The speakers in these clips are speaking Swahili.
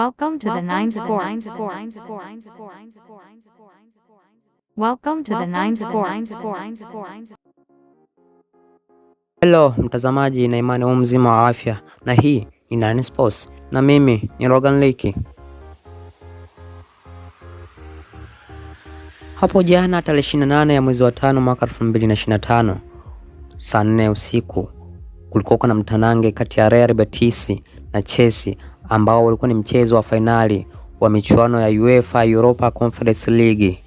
Welcome to the Nine Sports. Welcome to the Nine Sports. Hello mtazamaji, na imani huu mzima wa afya, na hii ni Nine Sports na mimi ni Logan Leki. Hapo jana tarehe 28 ya mwezi wa tano mwaka 2025 saa 4 usiku kulikuwa na mtanange kati ya Real Betis na Chelsea ambao ulikuwa ni mchezo wa fainali wa michuano ya UEFA Europa Conference League.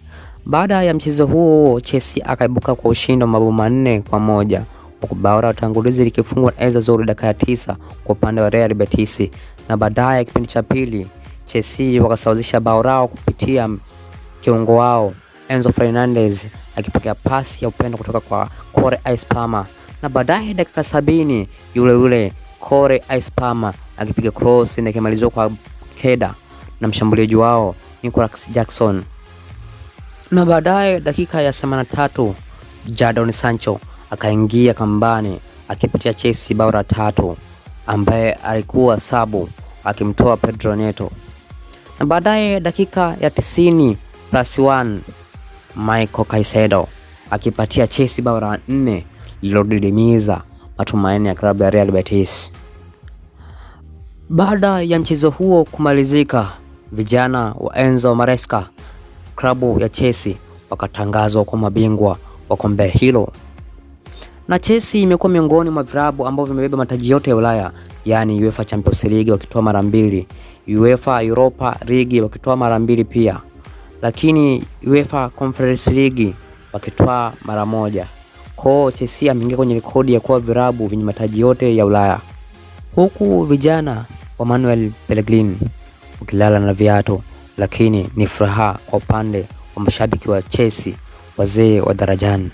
Baada ya mchezo huo, Chelsea akaibuka kwa ushindi wa mabao manne kwa moja huku bao la utangulizi likifungwa na Eza Zouri dakika ya tisa kwa upande wa Real Betis, na baadaye kipindi cha pili Chelsea wakasawazisha bao lao kupitia kiungo wao Enzo Fernandez akipokea pasi ya upendo kutoka kwa Corey Palmer, na baadaye dakika sabini yule yule Kore Ice Palmer akipiga cross na kimalizwa kwa keda na mshambuliaji wao Nicolas Jackson, na baadaye dakika ya 83 Jadon Sancho akaingia kambani akipatia chesi bao la tatu, ambaye alikuwa sabu akimtoa Pedro Neto, na baadaye dakika ya 90 plus 1 Michael Caicedo akipatia chesi bao la nne lilodidimiza matumaini ya klabu ya Real Betis. Baada ya mchezo huo kumalizika, vijana wa Enzo Maresca klabu ya Chelsea wakatangazwa kwa mabingwa wa kombe hilo, na Chelsea imekuwa miongoni mwa vilabu ambavyo vimebeba mataji yote ya Ulaya, yaani UEFA Champions League wakitoa mara mbili, UEFA Europa League wakitoa mara mbili pia, lakini UEFA Conference League wakitoa mara moja. Kwao Chelsea ameingia kwenye rekodi ya kuwa virabu vyenye mataji yote ya Ulaya, huku vijana wa Manuel Pellegrini ukilala na viatu, lakini ni furaha kwa upande wa mashabiki wa Chelsea wazee wa darajani.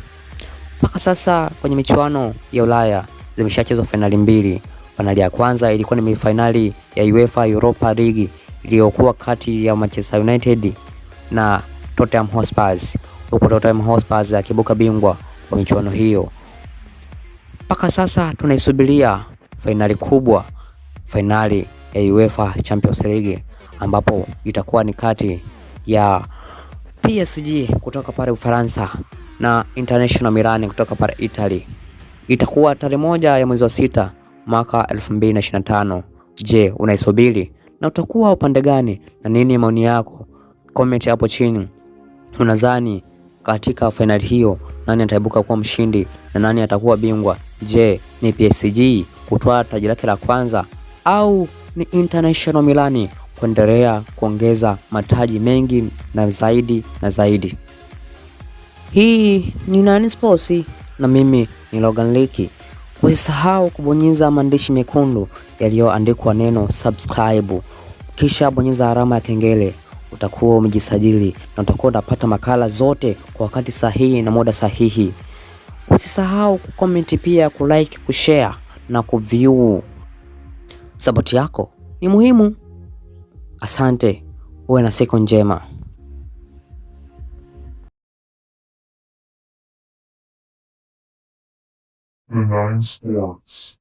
Mpaka sasa kwenye michuano ya Ulaya zimeshachezwa fainali mbili. Fainali ya kwanza ilikuwa ni fainali ya UEFA Europa League iliyokuwa kati ya Manchester United na Tottenham Hotspur, huko Tottenham Hotspur akibuka bingwa kwa michuano hiyo. Mpaka sasa tunaisubiria fainali kubwa, fainali ya UEFA Champions League ambapo itakuwa ni kati ya PSG kutoka pale Ufaransa na International Milan kutoka pale Italy. Itakuwa tarehe moja ya mwezi wa sita mwaka 2025. Je, unaisubiri na utakuwa upande gani na nini maoni yako? Comment hapo chini, unadhani katika fainali hiyo, nani ataibuka kuwa mshindi na nani atakuwa bingwa? Je, ni PSG kutwaa taji lake la kwanza au ni International Milani kuendelea kuongeza mataji mengi na zaidi na zaidi? Hii ni Nani Sports na mimi ni Logan Liki. Usisahau kubonyeza maandishi mekundu yaliyoandikwa neno subscribe, kisha bonyeza alama ya kengele utakuwa umejisajili na utakuwa unapata makala zote kwa wakati sahihi na muda sahihi. Usisahau kucomment pia, kulike, kushare na kuview. Sapoti yako ni muhimu. Asante, uwe na siku njema. Nine Sports.